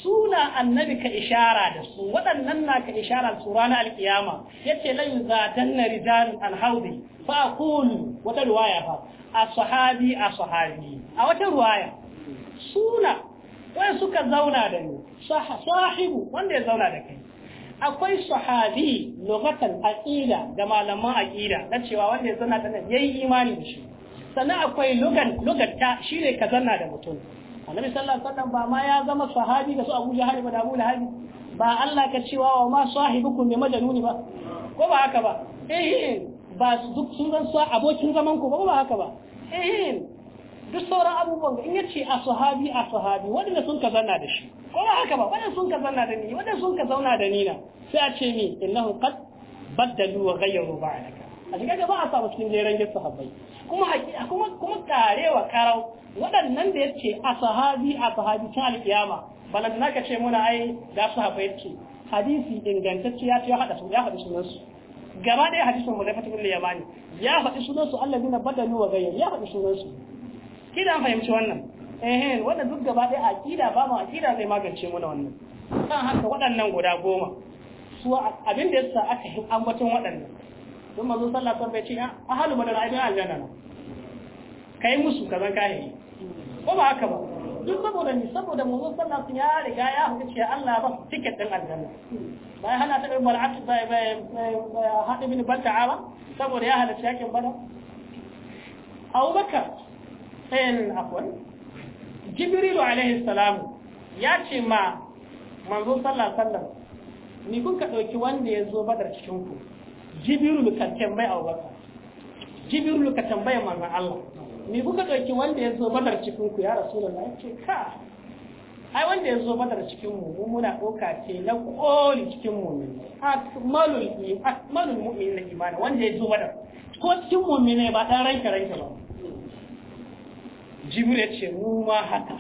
suna annabi ka ishara da su waɗannan na ka ishara su ranar alkiyama yace lan yuzatan na rijalun alhaudi fa aqulu wata ruwaya fa a ashabi a a wata ruwaya suna wai suka zauna da ni sahibu wanda ya zauna da kai akwai sahabi lokacin aƙida da malaman aƙida na cewa wanda ya zauna da nan yayi imani da shi sannan akwai lugan shi ne ka zanna da mutum annabi sallallahu alaihi wasallam ba ma ya zama sahabi da su Abu Jahal ba da Abu Lahab ba Allah ka cewa wa ma sahibukum bi majnuni ba ko ba haka ba eh, eh ba duk sun zan su abokin zaman ku ba ba haka ba eh, eh duk sauran abubuwan in yace a sahabi a sahabi wanda sun ka zanna da shi ko ba haka ba wanda sun ka zanna da ni wanda sun ka zauna da ni na sai a ce ni innahu qad baddalu wa ghayyaru ba'daka a shiga gaba a samu cikin jeren gista sahabbai kuma kuma kuma karewa karau waɗannan da yake a sahabi a sahabi ta alkiyama balan ka ce muna ai da sahabbai ce hadisi ingantacce ya ce ya haɗa su ya haɗa sunan su gaba ɗaya hadisin mu da fatimul yamani ya faɗi sunan su Allah bina badalu wa gayya ya faɗi sunan su kidan fahimci wannan eh eh wannan duk gaba ɗaya aqida ba mu aqida zai magance muna wannan kan haka waɗannan guda goma su abin da yasa aka yi ambaton waɗannan sun mazo sallah sun bai ce a ah, halu ra'ayi ai aljanna na Ka yi musu ka kazan yi. ko ba haka ba duk saboda ni saboda mazo sallah sun ya riga ya haka ce Allah ba tiket din aljanna bai hana ta ɗin mal'atu bai bai haɗe mini ban ba saboda ya halarci yakin bada Abubakar sayan akwai, Jibrilu alaihi salamu ya ce ma manzo sallah sallah ni kun ka ɗauki wanda ya zo badar cikin ku jibiru ka tambaya Bakar jibiru ka tambaya manzon Allah me kuka ɗauki wanda ya zo badar cikin ku ya rasulullahi yake ka ai wanda ya zo badar cikin mu mu muna ɗauka ce na koli cikin ne akmalul akmalul mu'min na imani wanda ya zo badar ko cikin ne ba dan ranka ranka ba jibril ya ce mu ma haka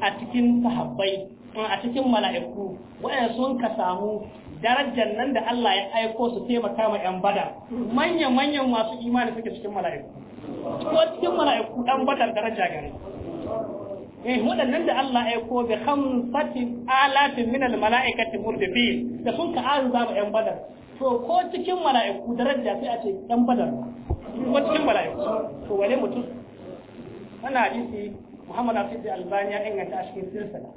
a cikin sahabbai a cikin mala'iku waɗanda sun ka samu darajar nan da Allah ya aiko su taimaka ma yan badar manyan manyan masu imani suke cikin mala'iku ko cikin mala'iku dan badar daraja gare eh waɗannan da Allah ya aiko bi khamsatin minal min al murda biyu da sun ka azaba yan badar to ko cikin mala'iku daraja sai a ce yan badar ko cikin mala'iku to wale mutum wannan hadisi Muhammad Asif Albani inganta a cikin silsila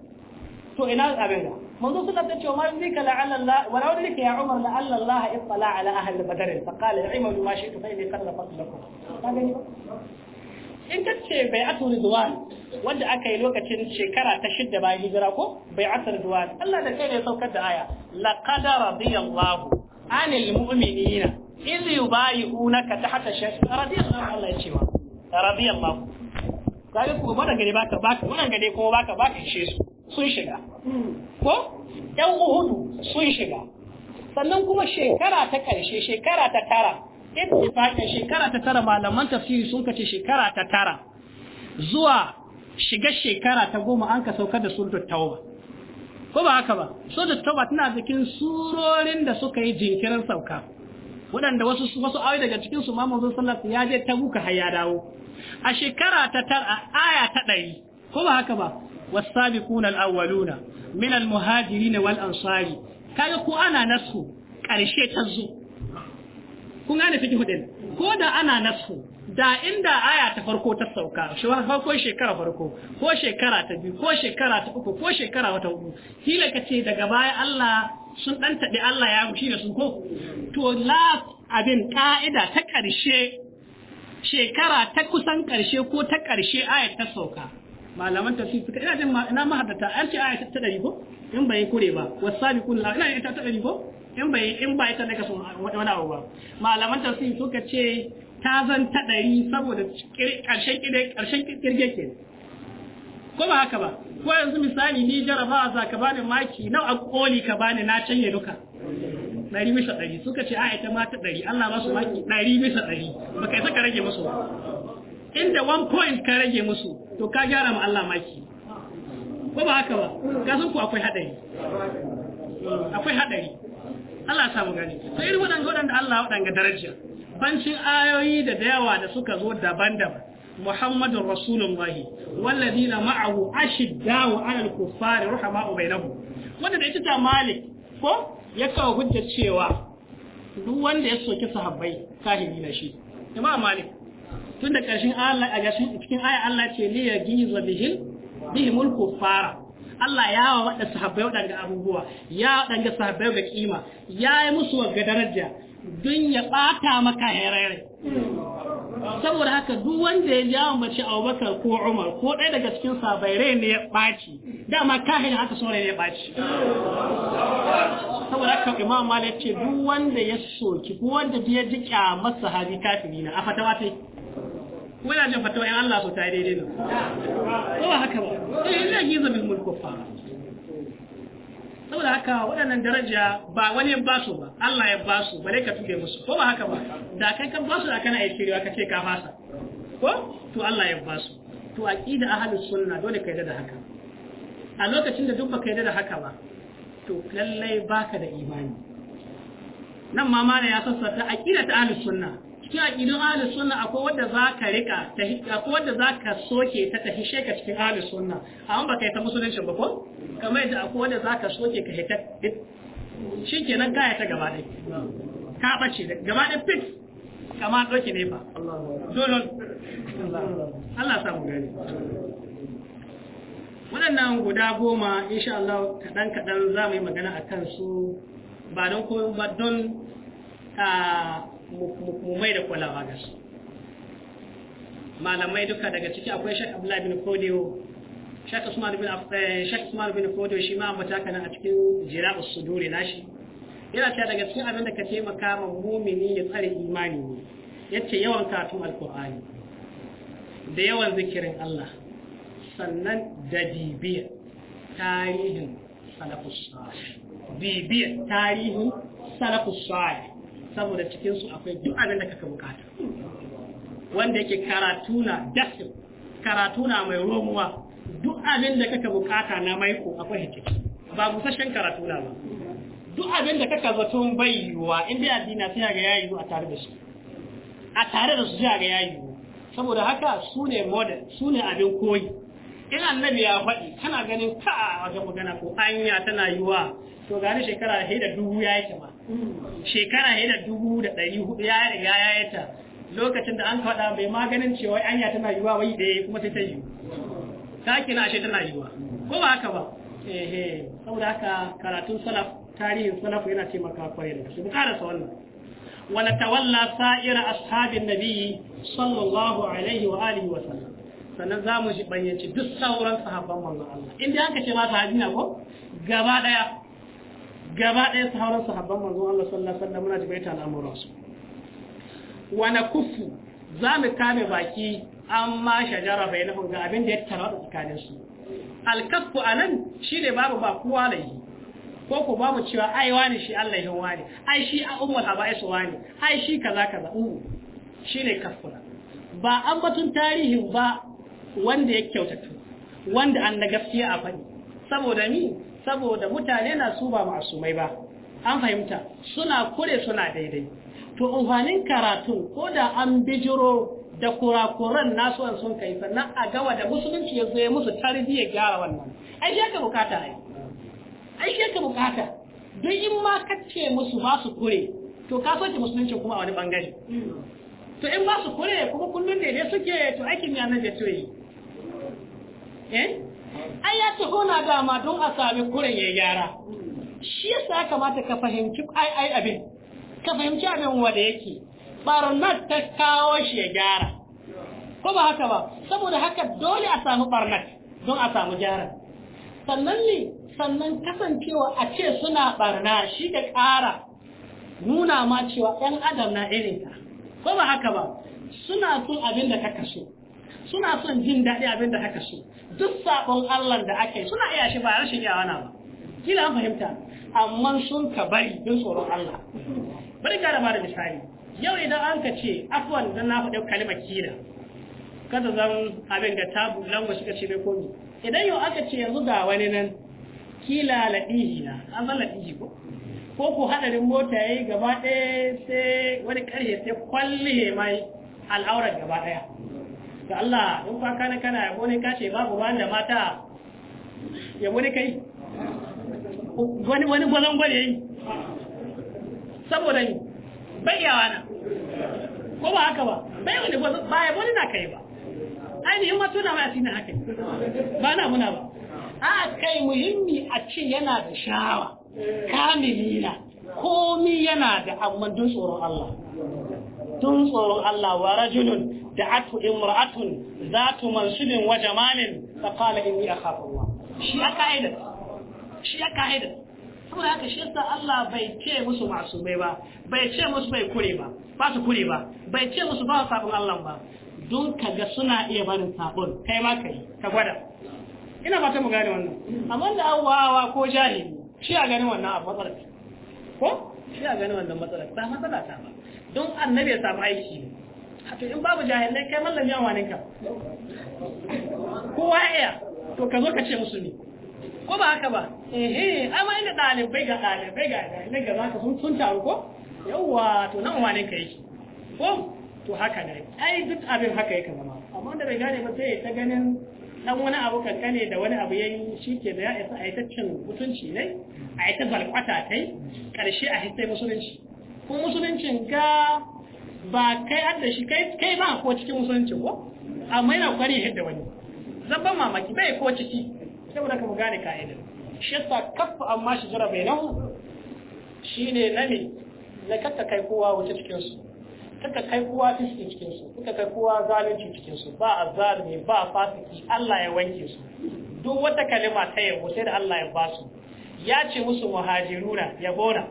to ina abin ga manzo sallallahu alaihi wasallam man zika la'alla wa law zika ya Umar la'alla Allah ittala ala ahli badr fa qala i'malu ma shi'tu fa inni qad ghafartu lakum in kace bai atul ridwan wanda aka yi lokacin shekara ta shidda bayan hijira ko bai atul ridwan Allah da kai ne saukar da aya laqad radiyallahu anil mu'minina iz yubayi'unaka tahta shajara radiyallahu Allah ya ce wa radiyallahu kaga ko baka gare baka baka wannan gare ko baka baka ishe su sun shiga hmm. ko yan uhudu sun shiga sannan kuma shekara ta ƙarshe, shekara ta tara ittifaqin shekara ta tara malaman tafsiri sun kace shekara ta tara zuwa shiga shekara ta goma an ka saukar da ta tauba ko ba haka ba suratul tauba tana cikin surorin da suka yi jinkirin sauka waɗanda wasu wasu ayoyi daga cikin su ma manzon sallallahu ya je ta buka har ya dawo a shekara ta tara aya ta ɗari ko ba haka ba والسابقون الأولون من المهاجرين والأنصار kaga ko ana nasu ƙarshe ta kun gane fi hudin ko da ana nasu da inda aya ta farko ta sauka shi farko farko ko ta biyu ko ta uku ko wata hudu ka ce daga baya sun dan tabi Allah ya gushi da su ko to la abin ka'ida ta shekara ta kusan ƙarshe ko ta ƙarshe aya ta sauka malaman tafsir suka ina jin ina mahaddata an ce aya ta dari ko in bai kure ba wasabiqun la ina ita ta dari ko in bai in bai ta daga sun wani abu ba malaman tafsir suka ce ta zan ta dari saboda karshen kide karshen kirge ke ko ba haka ba ko yanzu misali ni jaraba za ka bani maki nau a koli ka bani na canye duka dari bisa dari suka ce aya ma ta dari Allah ba su maki dari bisa dari baka isa ka rage musu ba inda one point ka rage musu to ka gyara ma Allah maki ko ba haka ba ka san ku akwai hadari akwai hadari Allah ya samu gani to irin waɗanda waɗanda Allah ga daraja bancin ayoyi da dayawa da suka zo daban-daban محمد رسول الله والذين معه أشداء على الكفار رحماء بينهم wanda da ita ta malik ko ya kawo hujjar cewa duk wanda ya soki sahabbai kahiri na shi imam malik tun da ƙarshen Allah a gashin cikin aya Allah ce li yagiza bihil mulku fara. Allah ya wa wadda sahabbai wadanda abubuwa ya wadanda sahabbai ga kima ya yi musu ga daraja don ya bata maka herere saboda haka duk wanda ya jawo mace Abubakar ko Umar ko ɗaya daga cikin sahabbai rai ne ya baci dama kahin haka so ne ya baci saboda haka Imam Malik ce duk wanda ya soki ko wanda ya ji kyamar sahabi kafiri na a fata wata muna jin fatawa in Allah so ta yi daidai ne ko ba haka ba eh zai gizo bil mulk kuffar saboda haka waɗannan daraja ba wani ya basu ba Allah ya basu bare ka tuge musu ko ba haka ba da kai kan basu da kana aiki ka ce ka fasa ko to Allah ya basu to aqida ahlus sunna dole ka yarda da haka a lokacin da duk baka yarda da haka ba to lallai baka da imani nan ma mana ya sassata aqida ta ahlus sunna cikin aƙidun ahlus sunna akwai wanda za ka rika akwai wanda za ka soke ta tafi sheka cikin ahlus sunna amma ba kai ta musulunci ba ko kamar yadda akwai wanda za ka soke ka hita shi kenan kaya ta gaba ɗai ka ɓace da gaba ɗai fit kama ɗauke ne ba dolon Allah samu gani waɗannan guda goma insha Allah kaɗan kaɗan za mu yi magana a kansu ba don ko ba don ah, mu mai da kwalama ga malamai duka daga ciki akwai shek abdullahi bin kodiyo shek usman bin eh, shek usman bin kodiyo shi ma ambata kana a cikin jira'us suduri nashi yana cewa daga cikin abin da ka taimaka ma mumini ya tsare imani ne yace yawan karatun alqur'ani da yawan zikirin Allah sannan da bibiyar tarihin salafus salih bibiyar tarihin salafus salih saboda cikin su akwai duk abin da kaka bukata wanda yake karatu na dasin karatu na mai romuwa duk abin da kaka bukata na maiko akwai hitiki ba musashen karatu na ba duk abin da kaka zato bai yiwuwa in dai addina sai ga yayi a tare da su a tare da su sai ga yayi saboda haka su ne model su ne abin koyi in annabi ya faɗi kana ganin ka a wajen magana ko anya tana yiwa to gani shekara sai da dubu ya yake ma shekara yana dubu da ɗari hudu ya riga ya yi ta. lokacin da an faɗa mai maganin cewa anya tana yiwa wai da kuma sai ta yi ta na ashe tana yiwa ko ba haka ba ehe saboda haka karatun salaf tarihin salaf yana taimaka kwarai da su bukara sa wannan wala tawalla sa'ira ashabin nabi sallallahu alaihi wa alihi wa sallam sannan za mu shi bayyanci duk sauran sahabban manzon Allah in dai aka ce ma sahabi na ko gaba daya gaba ɗaya sauran sahabban manzon Allah sallallahu alaihi wasallam muna jibaita al'amuran su Wane kufu za mu kame baki amma shajara na ga abin da ya tarada tsakanin su alkaffu anan shine babu ba kowa laihi ko ko babu cewa ai wani shi Allah ya wani ai shi a ummul habaisu wani ai shi kaza kaza u shine kaffuna ba an batun tarihin ba wanda ya kyautatu wanda an na gaskiya a fani saboda ni saboda mutane na su ba ma'asumai ba an fahimta suna kure suna daidai to amfanin karatun ko da an bijiro da kurakuran nasu an sun kai sannan a gawa da musulunci ya zo ya musu tarbiyya gyara wannan ai shi ka bukata ai ai shi ka bukata duk in ma kace musu ba su kure to ka soke musulunci kuma a wani bangare to in ba su kure kuma kullun ne suke to aikin ya nan da to yi eh ai ya taho na dama don a sami kuren ya gyara shi yasa ya kamata ka fahimci ai ai abin ka fahimci abin wanda yake barnat ta kawo shi ya gyara ko ba haka ba saboda haka dole a samu barnat don a samu gyara sannan ne sannan kasancewa a ce suna barna shi ka ƙara nuna ma cewa ɗan adam na irin ta. ko ba haka ba suna son abin da ka kaso suna son jin daɗi abin da haka so duk sabon Allah da ake suna iya shi ba rashin iyawa na ba kila an fahimta amma sun ka bari don tsoron Allah bari ka rama da misali yau idan an ka ce afwan dan na faɗi kalimar kila kada zan abin ga tabu language ka ce bai komi idan yau aka ce yanzu ga wani nan kila ladihi na an san ladihi ko ko ku hadarin mota yayi gaba ɗaya sai wani karye sai kwalle mai al'aurar gaba ɗaya ga Allah in kwa kana kana yabo ne kace babu ba da mata yabo ne kai wani wani gwazon gwale yi saboda ni bai yawa na ko ba haka ba bai wani gwazon ba yabo ne na kai ba ainihin masu na mai na haka ba na muna ba a kai muhimmi a ce yana da shawa. Kamilina. komi yana da amma don tsoron Allah don tsoron Allah wa rajulun Da da'atu imra'atun zatu mansubin wa jamalin fa qala inni akhafu Allah shi aka aida shi ya aida saboda haka shi yasa Allah bai ce musu masumai ba bai ce musu bai kure ba ba su kure ba bai ce musu ba sabon Allah ba don ka ga suna iya barin sabon kai ma kai ka gwada ina ta mu gane wannan amma da awawa ko jahili shi ya gani wannan a matsalar ko shi ya gani wannan matsalar ba matsala ta ba don annabi ya samu aiki ne Hatu in babu jahilai kai mallami a wanin ka kowa iya to ka zo ka ce musu ne ko ba haka ba ehe, eh amma inda ɗalibai ga ɗalibai ga ɗalibai ga zaka sun sun taru ko yawwa to nan wanin ka yi. ko to haka ne ai duk abin haka yake zama amma da bai gane ba sai ta ganin dan wani abu kankane da wani abu yayi shi ke da ya isa a yi ta cin mutunci ne a yi ta zalkwata tai karshe a hissai musulunci kuma musuluncin ka ba kai adda shi kai kai ba ko cikin musulunci ko amma yana kwari ya hidda wani zan ba mamaki bai ko ciki saboda ka mu gane ka'idar shi yasa kafa amma shi jira bai nan shine nami na katta kai kowa wuce cikin su katta kai kowa fiske cikin su katta kai kowa zalunci cikin su ba azalimi ba fasiki Allah ya wanke su duk wata kalima ta yabo sai da Allah ya ba su ya ce musu muhajiruna yabona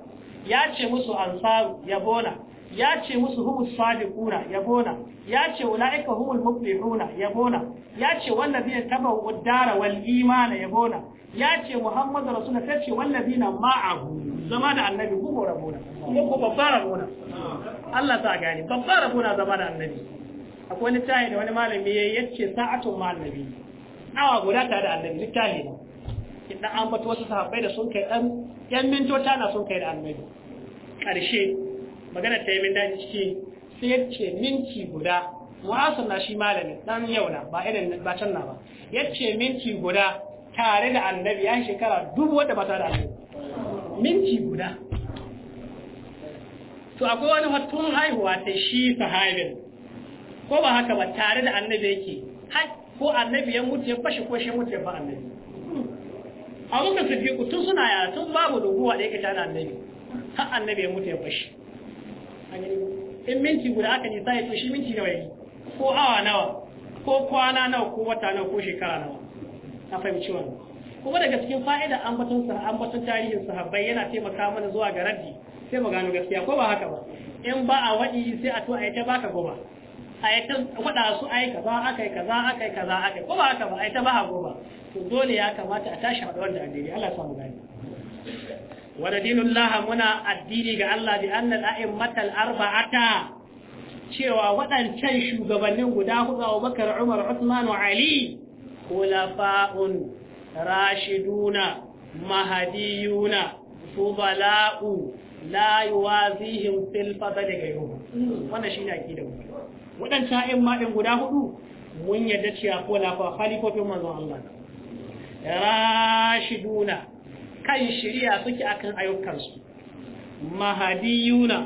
ya ce musu ansaru yabona ya ce musu humus sadiquna yabona ya ce ulaika humul muflihuna yabona ya ce wallazina tabawu dara wal imana yabona ya ce muhammadu rasulullah ta ce wallazina ma'ahu zama da annabi kuma rabona ko babbar rabona Allah ta gani babbar rabona zama da annabi akwai wani tayi da wani malami yayi yace sa'atun malami awa guda ta da annabi littafi ne idan an wasu sahabbai da sun kai dan yan mintota na sun kai da annabi karshe magana ta yi min daji ciki sai ya ce minti guda mu'asir na shi malami dan yau na ba irin ba can na ba ya ce minti guda tare da annabi ya shekara dubu wadda ba tare da annabi minti guda to akwai wani hatun haihuwa ta shi sahabin ko ba haka ba tare da annabi yake ko annabi ya mutu ya fashe ko shi mutu ya fa annabi a muka su tun suna yara tun babu doguwa da yake tare da annabi har annabi ya mutu ya fashe in minti guda aka nisa ya to shi minti nawa yake ko awa nawa ko kwana nawa ko wata nawa ko shekara nawa a fahimci wannan kuma daga cikin fa'ida ambaton ambaton tarihin sahabbai yana taimaka mana zuwa ga raddi sai mu gano gaskiya ko ba haka ba in ba a waɗi sai a to a yi baka goma, a yi ta waɗa su aika ba, aka yi kaza aka yi kaza aka yi ko ba haka ba a yi ba a to dole ya kamata a tashi a wanda a daidai samu gani wa dinullah muna addini ga Allah bi annal a'immatal arba'ata cewa waɗancan shugabannin guda hudu Abubakar Umar Uthman wa Ali khulafa'un rashiduna mahadiyuna fubala'u la yuwazihim fil fasadi gayru wannan shine akidar waɗancan a'imma din guda hudu mun yadda cewa khulafa khalifofin manzon Allah rashiduna kan shirya suke akan ayyukansu mahadiyuna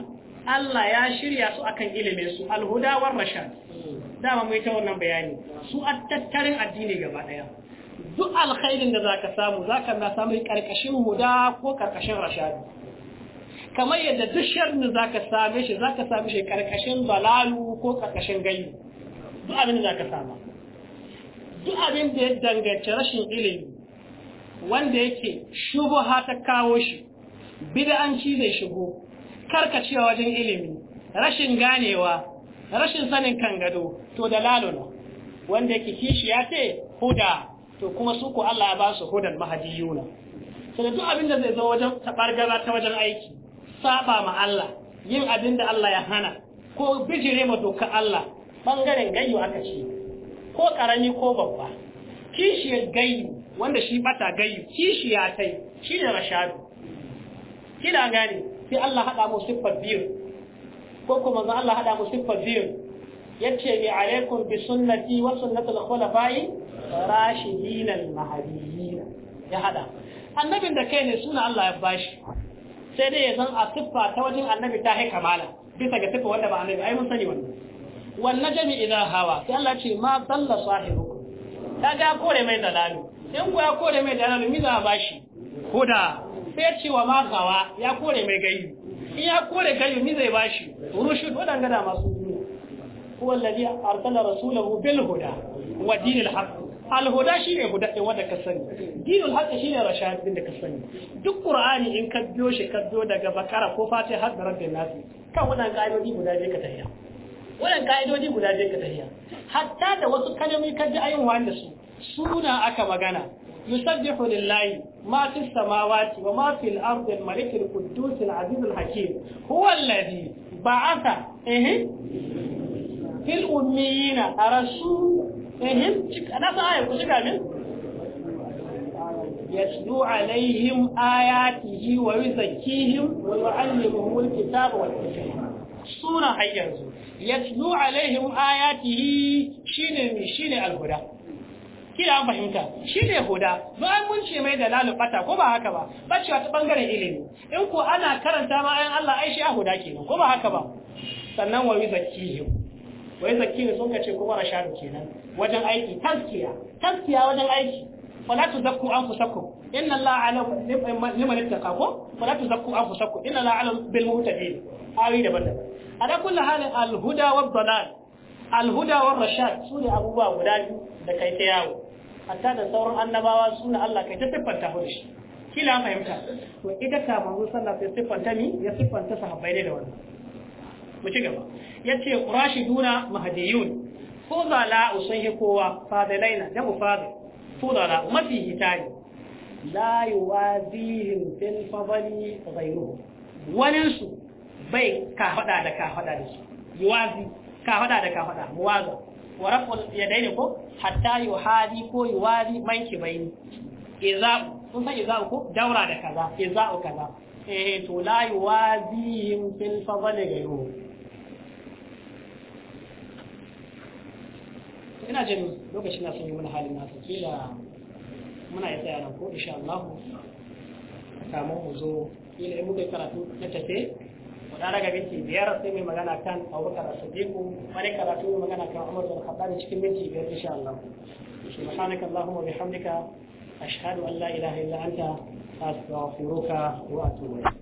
Allah ya shirya su akan ilimin su alhuda war rashad dama yi ta wannan bayani su a tattarin addini gaba daya duk alkhairin da zaka samu zaka na samu karkashin huda ko karkashin rashad kamar yadda duk sharri zaka same shi zaka same shi karkashin balalu ko karkashin gayu duk abin da zaka sama duk abin da ya danganci rashin ilimi wanda yake shubuha ta kawo shi bid'anci zai shigo karkacewa wajen ilimi rashin ganewa rashin sanin kan gado to dalaluna wanda yake kishi ya ce huda to kuma su ku Allah ya ba su hudan mahadiyuna sai da duk abin da zai zo wajen tabargaza ta wajen aiki saba ma Allah yin abin da Allah ya hana ko bijire ma doka Allah bangaren gayyu aka ce ko karami ko babba kishiyar gayu wanda shi bata gayu kishiya tai shi ne rashadu kina gane sai Allah hada mu siffar biyu ko kuma za Allah hada mu siffar biyu yace bi alaikum bi sunnati wa sunnatul khulafa'i rashidin al mahdiyyin ya hada annabin da kai ne suna Allah ya bashi sai dai ya san a siffa ta wajen annabi ta hai kamala bisa ga siffa wanda ba annabi ai mun sani wannan wannan jami'i idza hawa sai Allah ce ma dalla sahibu ta ja ko da mai dalali in ya ko da mai dalalu mi za a ba shi ko da sai ce wa makawa ya ko da mai gayu in ya ko da gayu mi zai ba shi rushu ko da gada masu duniya ko wallazi arsala rasulahu bil huda wa dinil haq al huda ne huda din wanda ka sani dinul shi ne rashad din da ka sani duk qur'ani in ka biyo shi ka biyo daga bakara ko fatiha har da rabbin nasi kan wannan ka'idodi guda biyu ka tafiya wannan ka'idoji guda je ka tafiya hatta da wasu kalmomi ka ji ayin wanda su suna aka magana yusabbihu lillahi ma fis samawati wa ma fil ardi al malik al quddus al aziz al hakim huwa alladhi ba'atha eh fil ummiyina rasul eh na sa ayi ku shiga min yatlu alaihim ayatihi wa yuzakkihim wa yu'allimuhum al kitaba wal hikma suna hayyanzu yatlu alaihim ayatihi shine me shine alhuda kila an fahimta shine huda bayan mun ce mai dalalu bata ko ba haka ba bacewa ta bangaren ilimi in ko ana karanta ma ayan Allah ai shi huda kenan ko ba haka ba sannan wa yuzakkihim wa yuzakkihim sun kace kuma rashadu kenan wajen aiki taskiya taskiya wajen aiki fala tuzakku anfusakum inna allaha ala liman ittaqa ko fala tuzakku anfusakum inna allaha ala bil muhtadin ayi daban daban ala kulli halin alhuda wa dalal alhuda wa rashad su ne abubuwa guda biyu da kai ta yawo hatta da sauran annabawa su ne Allah kai ta siffanta hu shi kila fahimta to ita ka manzo sallallahu alaihi wasallam ta ni ya siffanta sahabbai da wannan mu ci gaba yace qurashiduna mahdiyun fudala usahi kowa fadilaina da mu mufadil fudala mafi hitani la yuwazihim fil fadli ghayruhum walinsu bai ka hada da ka hada da su yuwazi ka hada da ka hada muwaza wa rafu daina ko hatta yuhadi ko yuwazi manki bai Iza, kun san iza ko daura da kaza iza idza kaza eh to la yin fil fadl ghayru ina jin lokacin na sun yi mana halin nasu kila muna yi tsaya nan ko insha Allah samu mu zo kila in muka karatu na tafe dan daga minti biyar sai mai magana kan Abubakar As-Siddiq wani karatu mai magana kan Umar bin Khattab cikin minti biyar insha Allah subhanaka allahumma bihamdika ashhadu an la ilaha illa anta astaghfiruka wa atubu ilayk